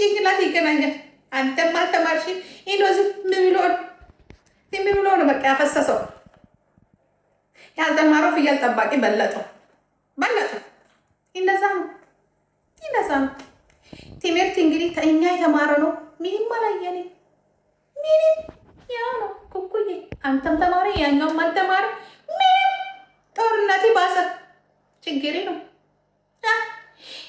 ጭንቅላት ይገናኛል። አንተም አልተማርሽ ብሎ የሚብሎን የሚብሎ ነው በቃ ያፈሰሰው። ያልተማረው ፍየል ጠባቂ በለጠው በለጠው። እንደዛ ነው እንደዛ ነው ትምህርት እንግዲህ እኛ የተማረ ነው። ምንም አላየኔ ምንም ያው ነው ኩኩዬ። አንተም ተማሪ ያኛውም አልተማረ ምንም ጦርነት ባሰ። ችግሬ ነው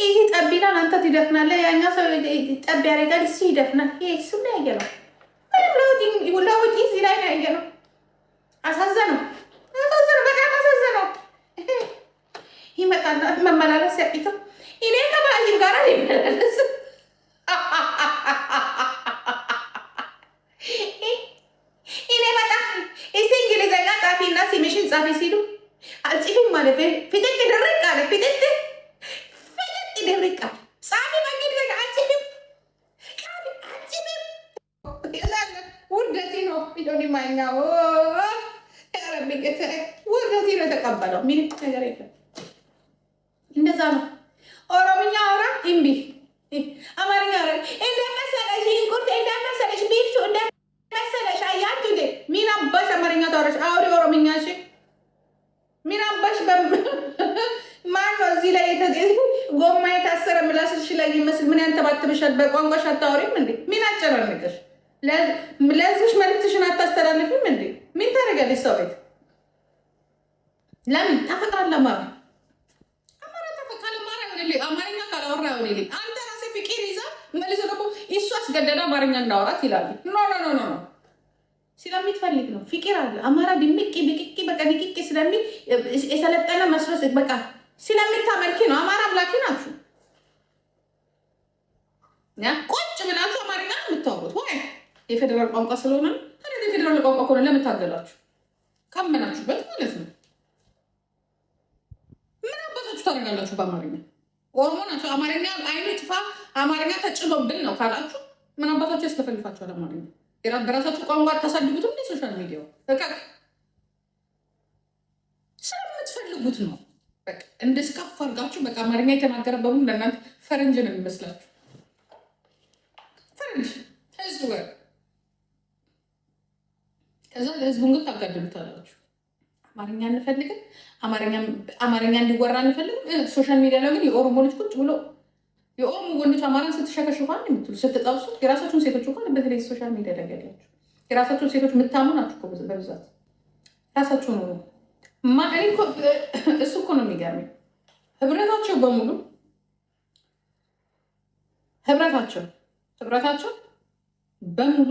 ይሄ ጠብ ይላል፣ አንተ ትደፍናለህ። ያኛ ሰው ጠብ ያደርጋል፣ እሱ ይደፍናል። ይሄ እሱ ላይ ያየ ነው። ምንም ለውጥ እዚህ ላይ ያየ ነው። አሳዘነው፣ አሳዘነው፣ በጣም አሳዘነው። ይመጣና መመላለስ ያቂተው እኔ ከባልጅ ጋር ሊመላለስ ሄዶኒ ማኛ ረቢ ወረቴ ነው የተቀበለው። ምንም ነገር የለም። እንደዛ ነው። ኦሮምኛ አውራ እምቢ፣ አማርኛ አውራ እንደመሰለሽ፣ እንቁርት እንደመሰለሽ፣ ቢፍቱ እንደመሰለሽ። አያችሁ እንዴ ምን አባሽ አማርኛ ታወራሽ? አውሪ ኦሮምኛ እሺ። ምን አባሽ ማነው እዚህ ላይ ጎማ የታሰረ ምላስሽ ላይ ይመስል ምን ያንተባትብሻል? በቋንቋሽ አታወሪም እንዴ? ምን አጨናነቀሽ? ለህዝብሽ መልዕክትሽን አታስተላልፊም እንዴ? ምን ታደርጋለች? ሰው ቤት ለምን ታፈቅራለህ? አማራ አማራ ታፈቃለ አማራ ሆነ አማርኛ ካላወራ አንተ ራሴ ፍቅር ይዛ መልሶ ደግሞ እሱ አስገደደ አማርኛ እንዳወራት ይላሉ። ኖ ኖ ኖ ኖ ስለሚትፈልግ ነው። ፍቅር አለ አማራ ድምቂ ብቅቂ በቃ የሰለጠነ መስሎስ በቃ ስለሚታመልኪ ነው። አማራ አምላኪ ናችሁ። ቁጭ ብላችሁ አማርኛ የምታወሩት ወይ የፌዴራል ቋንቋ ስለሆነ ታዲያ የፌዴራል ቋንቋ ከሆነ ለምን ታገላችሁ? ካመናችሁበት ማለት ነው። ምን አባታችሁ ታደርጋላችሁ? በአማርኛ ኦሮሞ ናቸው። አማርኛ አይኑ ጥፋ፣ አማርኛ ተጭኖብን ነው ካላችሁ ምን አባታችሁ ያስከፈልፋችኋል? አማርኛ በራሳችሁ ቋንቋ አታሳድጉትም። እንደ ሶሻል ሚዲያው በቃ ስለምትፈልጉት ነው። እንደ ስቃፍ አድርጋችሁ በቃ አማርኛ የተናገረ በሙሉ ለእናንተ ፈረንጅ ነው የሚመስላችሁ ፈረንጅ ህዝብ ከዛ ህዝቡን ግን ታጋድሉታላችሁ። አማርኛ እንፈልግም፣ አማርኛ እንዲወራ እንፈልግም። ሶሻል ሚዲያ ላይ ግን የኦሮሞ ልጅ ቁጭ ብሎ የኦሮሞ ወንዶች አማራን ስትሸከሽኳን የምትሉ ስትጠብሱት የራሳችሁን ሴቶች እንኳን በተለይ ሶሻል ሚዲያ ላይ ያላችሁ የራሳችሁን ሴቶች የምታሙ ናችሁ በብዛት ራሳችሁን ሆኑ። እሱ እኮ ነው የሚገርመኝ። ህብረታቸው በሙሉ ህብረታቸው ህብረታቸው በሙሉ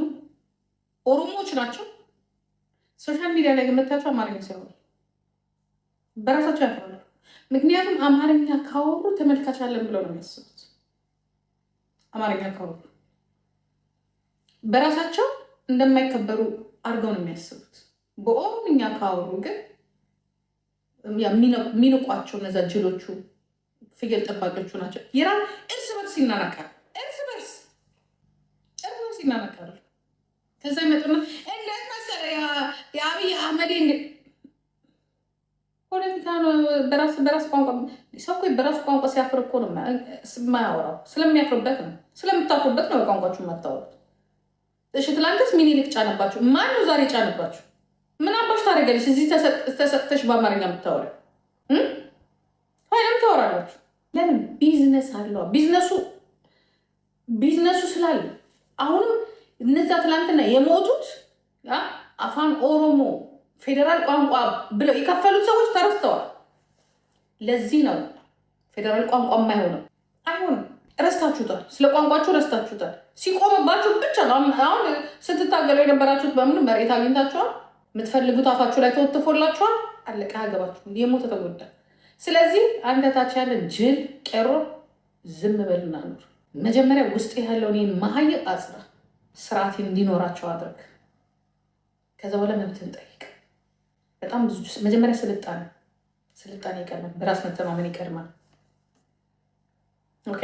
ኦሮሞዎች ናቸው። ሶሻል ሚዲያ ላይ የምታቸው አማርኛ ሲያወሩ በራሳቸው ያፈራሉ። ምክንያቱም አማርኛ ካወሩ ተመልካች አለን ብለው ነው የሚያስቡት። አማርኛ ካወሩ በራሳቸው እንደማይከበሩ አድርገው ነው የሚያስቡት። በኦሮምኛ ካወሩ ግን የሚንቋቸው እነዛ ጅሎቹ ፍየል ጠባቂዎቹ ናቸው። ይራ እርስ በርስ ይናናቃሉ። እርስ በርስ እርስ በርስ ይናናቃሉ። ከዛ ይመጡና እንዴት መሰለ የአብይ አህመድ ፖለቲካ ነው። በራስ ቋንቋ ሰው በራሱ ቋንቋ ሲያፍር እኮ ነው የማያወራው። ስለሚያፍርበት ነው፣ ስለምታፍሩበት ነው ቋንቋችሁ የማታወሩት። እሺ ትላንትስ ሚኒሊክ ጫነባችሁ? ነው ዛሬ ጫነባችሁ? ምን አባሽ ታደርጊያለሽ? እዚህ ተሰጥተሽ በአማርኛ የምታወሪ ሀይለም ታወራላችሁ። ለምን ቢዝነስ አለዋ። ቢዝነሱ ቢዝነሱ ስላለ አሁንም እነዛ ትላንትና የሞቱት አፋን ኦሮሞ ፌዴራል ቋንቋ ብለው የከፈሉት ሰዎች ተረስተዋል። ለዚህ ነው ፌዴራል ቋንቋ የማይሆነው። አይሆንም፣ ረስታችሁታል። ስለ ቋንቋችሁ ረስታችሁታል። ሲቆምባችሁ ብቻ ነው። አሁን ስትታገሉ የነበራችሁት በምን መሬት አግኝታችኋል። የምትፈልጉት አፋችሁ ላይ ተወትፎላችኋል። አለቀ፣ አገባችሁ። የሞተ ተጎዳ። ስለዚህ አንተ ያለ ጅል ቀሮ ዝም በልና ኑር። መጀመሪያ ውስጥ ያለውን ይህን መሀይ አጽራ ስርዓት እንዲኖራቸው አድርግ። ከዛ በኋላ መብትን ጠይቅ። በጣም ብዙ መጀመሪያ ስልጣን ስልጣን ይቀድማል። በራስ መተማመን ይቀድማል። ኦኬ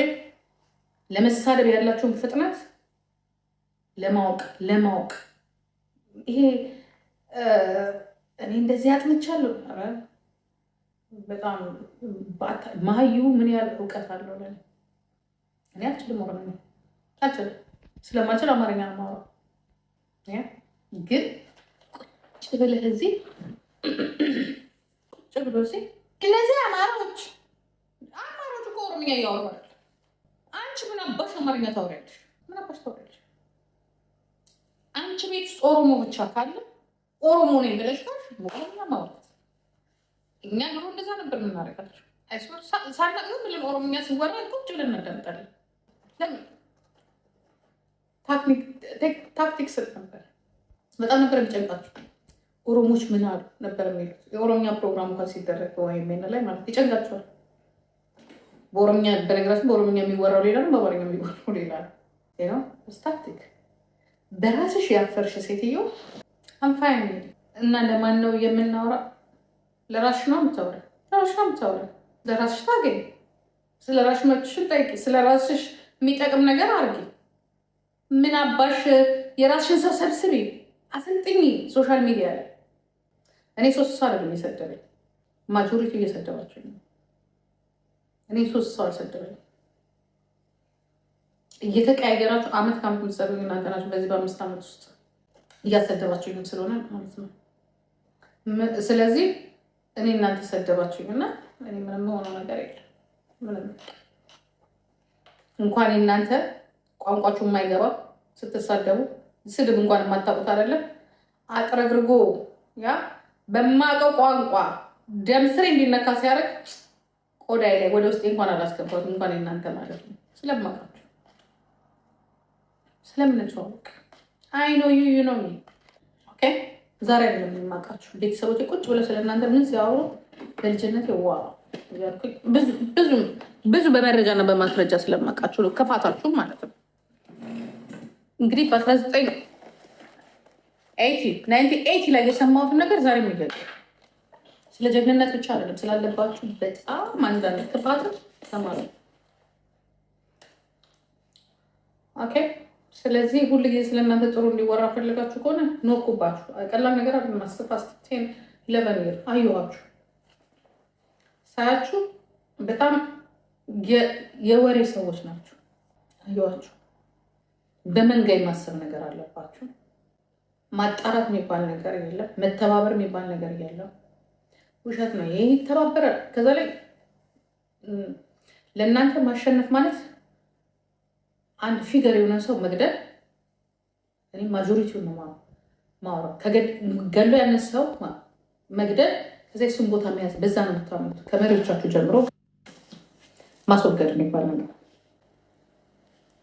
ለመሳደብ ያላቸውን ፍጥነት ለማወቅ ለማወቅ ይሄ እኔ እንደዚህ አጥንቻለሁ። በጣም ማህዩ ምን ያህል እውቀት አለው? ለ እኔ አልችልም፣ ኦሮምኛ አልችልም። ስለማልችል አማርኛ ነው የማወራው። ግን ቁጭ ብለህ እዚህ ቁጭ ብሎ እዚህ እነዚህ አማሮች አማሮች እኮ ኦሮምኛ እያወራል። አንቺ ምን አባሽ አማርኛ ታወሪያለሽ? ምን አባሽ ታወሪያለሽ? አንቺ ቤት ውስጥ ኦሮሞ ብቻ ካለ ኦሮሞ ነኝ ብለሽ ካልሽ ኦሮምኛ ማውራት። እኛ ድሮ እንደዛ ነበር የምናደርጋቸው። ሳናቅም ብለን ኦሮምኛ ሲወራ ቁጭ ብለን እናዳምጣለን። ለምን ታክቲክ ስልት ነበር። በጣም ነበር የሚጨንቃችሁ። ኦሮሞች ምን አሉ ነበር የሚሉት የኦሮምኛ ፕሮግራም እንኳን ሲደረግ ወይም ላይ ማለት ይጨንቃችኋል። በኦሮምኛ በነገራችን በኦሮምኛ የሚወራው ሌላ ነው፣ በአማርኛ የሚወራው ሌላ ነው። ታክቲክ በራስሽ ያፈርሽ ሴትዮ አንፋይ እና ለማን ነው የምናወራ? ለራስሽ ነው የምታወራ፣ ለራስሽ ነው የምታወራ። ለራስሽ ታገኝ። ስለ ራስሽ መችሽን ጠይቂ። ስለ ራስሽ የሚጠቅም ነገር አርጌ ምን አባሽ የራስሽን ሰው ሰብስቢ አሰልጥኝ ሶሻል ሚዲያ ላይ እኔ ሶስት ሰው አለ የሰደበኝ ማጆሪቲ እየሰደባቸው ነው። እኔ ሶስት ሰው አልሰደበኝ። እየተቀያየራችሁ አመት ከአመት የምትሰሩ እናንተ ናችሁ። በዚህ በአምስት ዓመት ውስጥ እያሰደባችሁኝም ስለሆነ ማለት ነው። ስለዚህ እኔ እናንተ ሰደባችሁኝ እና ምንም ሆነው ነገር የለም ምንም እንኳን እናንተ ቋንቋችሁ የማይገባ ስትሳደቡ ስድብ እንኳን የማታውቁት አይደለም። አቅረግርጎ ያ በማቀው ቋንቋ ደም ስሬ እንዲነካ ሲያደርግ ቆዳይ ላይ ወደ ውስጤ እንኳን አላስገባሁትም። እንኳን የእናንተ ማለት ነው ስለማውቃችሁ ስለምንተዋወቅ አይኖ ኖ ዩ ዩ ኖ ሚ ኦኬ። ዛሬ አይደለም የማውቃችሁ ቤተሰቦች ቁጭ ብለው ስለእናንተ ምን ሲያወሩ በልጅነት ዋ ብዙ በመረጃና በማስረጃ ስለማውቃችሁ ነው። ከፋታችሁም ማለት ነው እንግዲህ በ1980 ላይ የሰማሁትን ነገር ዛሬ የሚገ ስለ ጀግንነት ብቻ አይደለም ስላለባችሁ በጣም አንዳንድ ክፋት ተማሩ። ኦኬ። ስለዚህ ሁሉ ጊዜ ስለእናንተ ጥሩ እንዲወራ ፈልጋችሁ ከሆነ ኖርኩባችሁ። ቀላል ነገር አይደለም። አስር አስቴን ለበን አየኋችሁ፣ ሳያችሁ በጣም የወሬ ሰዎች ናችሁ አየኋችሁ። በመንጋ የማሰብ ነገር አለባችሁ። ማጣራት የሚባል ነገር የለም። መተባበር የሚባል ነገር የለም። ውሸት ነው ይህ ይተባበረ። ከዛ ላይ ለእናንተ ማሸነፍ ማለት አንድ ፊገር የሆነ ሰው መግደል። እኔ ማጆሪቲው ነው ማውራው። ገሎ ያነን ሰው መግደል፣ ከዚያ እሱን ቦታ መያዝ፣ በዛ ነው የምታምኑት። ከመሪዎቻችሁ ጀምሮ ማስወገድ የሚባል ነገር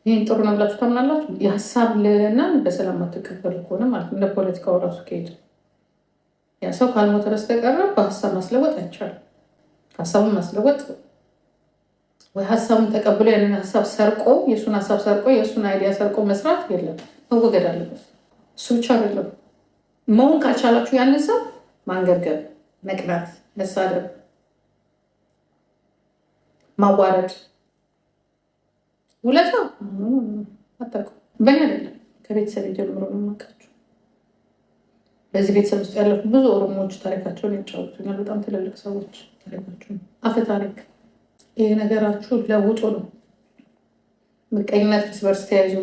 ይህን ጥሩ ነው ብላችሁ ታምናላችሁ። የሀሳብ ልዕልናን በሰላም አትቀበሉ ከሆነ ማለት ነው ለፖለቲካው ራሱ ከሄድ ያ ሰው ካልሞተ በስተቀረ በሀሳብ ማስለወጥ አይቻልም። ሀሳቡን ማስለወጥ ወይ ሀሳብን ተቀብሎ ያንን ሀሳብ ሰርቆ የእሱን ሀሳብ ሰርቆ የእሱን አይዲያ ሰርቆ መስራት የለም፣ መወገድ አለበት። እሱ ብቻ አይደለም መሆን ካልቻላችሁ ያንን ሰው ማንገብገብ፣ መቅናት፣ መሳደብ፣ ማዋረድ ሁለት ነው በእኔ አይደለም ከቤተሰብ ጀምሮ ነው የማውቃቸው። በዚህ ቤተሰብ ውስጥ ያለፉ ብዙ ኦሮሞዎች ታሪካቸውን ያጫወቱኛል። በጣም ትልልቅ ሰዎች ታሪካቸውን፣ አፈ ታሪክ ይሄ ነገራችሁ ለውጡ ነው። ምቀኝነት፣ እርስ በርስ ተያይዞ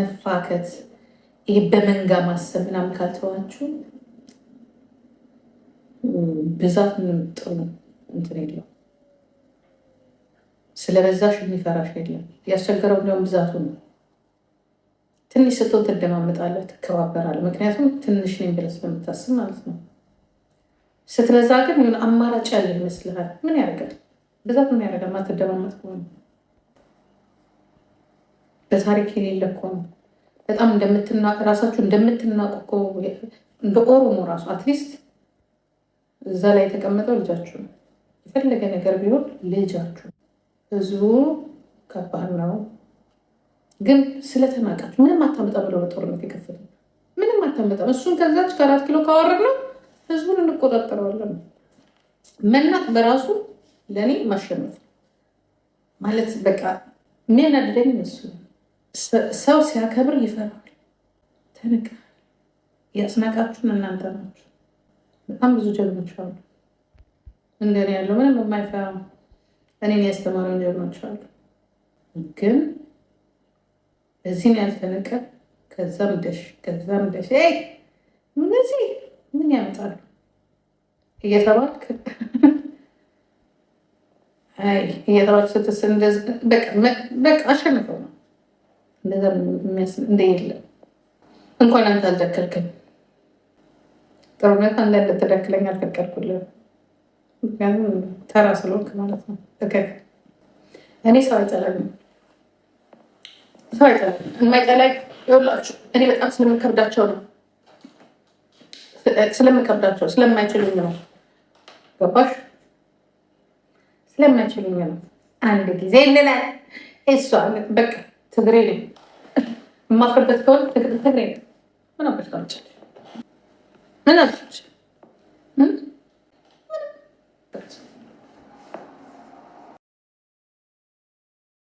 መፋከት፣ ይሄ በመንጋ ማሰብ ምናምን ካልተዋችሁ ብዛት ምንም ጥሩ እንትን የለው ስለበዛሽ የሚፈራሽ የለም። ያስቸገረው እንዲያውም ብዛቱ ነው። ትንሽ ስትሆን ትደማመጣለህ፣ ትከባበራለህ። ምክንያቱም ትንሽ ነኝ ብለህ ስለምታስብ ማለት ነው። ስትበዛ ግን የሆነ አማራጭ ያለ ይመስልሃል። ምን ያደርጋል? ብዛት ምን ያደርጋል? ማትደማመጥ ከሆነ በታሪክ የሌለ እኮ ነው። በጣም ራሳችሁ እንደምትናቁ እኮ እንደ ኦሮሞ ራሱ አትሊስት እዛ ላይ የተቀመጠው ልጃችሁ ነው። የፈለገ ነገር ቢሆን ልጃችሁ ህዝቡ ከባድ ነው። ግን ስለተናቃችሁ ምንም አታመጣ ብለው በጦርነት የከፈቱት ምንም አታመጣም። እሱን ከዛች ከአራት ኪሎ ካወረድ ነው ህዝቡን እንቆጣጠረዋለን። መናቅ በራሱ ለእኔ ማሸነፍ ማለት በቃ የሚያናድደኝ እሱ ሰው ሲያከብር ይፈራል። ተንቃ ያስናቃችሁን እናንተ ናችሁ። በጣም ብዙ ጀግኖች አሉ እንደኔ ያለው ምንም የማይፈራ እኔን ያስተማሩ ጀግኖች ግን እዚህን ያልተነቀ ከዛም ደሽ ከዛም ደሽ እነዚህ ምን ያመጣሉ እየተባልክ እየተባልክ ስትስ በቃ አሸንፈው ነው እንደዛ እንደ የለም እንኳን አንተ አልደከልክም። ጥሩነት አንዳንድ ተደክለኝ አልፈቀድኩልም። ተራ ስለሆንክ ማለት ነው። እኔ ሰው አይጠላኝም፣ ሰው አይጠላኝም። የማይጠላኝ ይኸውላችሁ እኔ በጣም ስለምከብዳቸው ነው፣ ስለምከብዳቸው ስለማይችሉኝ ነው። ገባሽ? ስለማይችሉኝ ነው። አንድ ጊዜ እንላል እሷ በቃ ትግሬ ነኝ የማፍርበት ከሆነ ትግሬ ነኝ ምን አበቃ ምን That's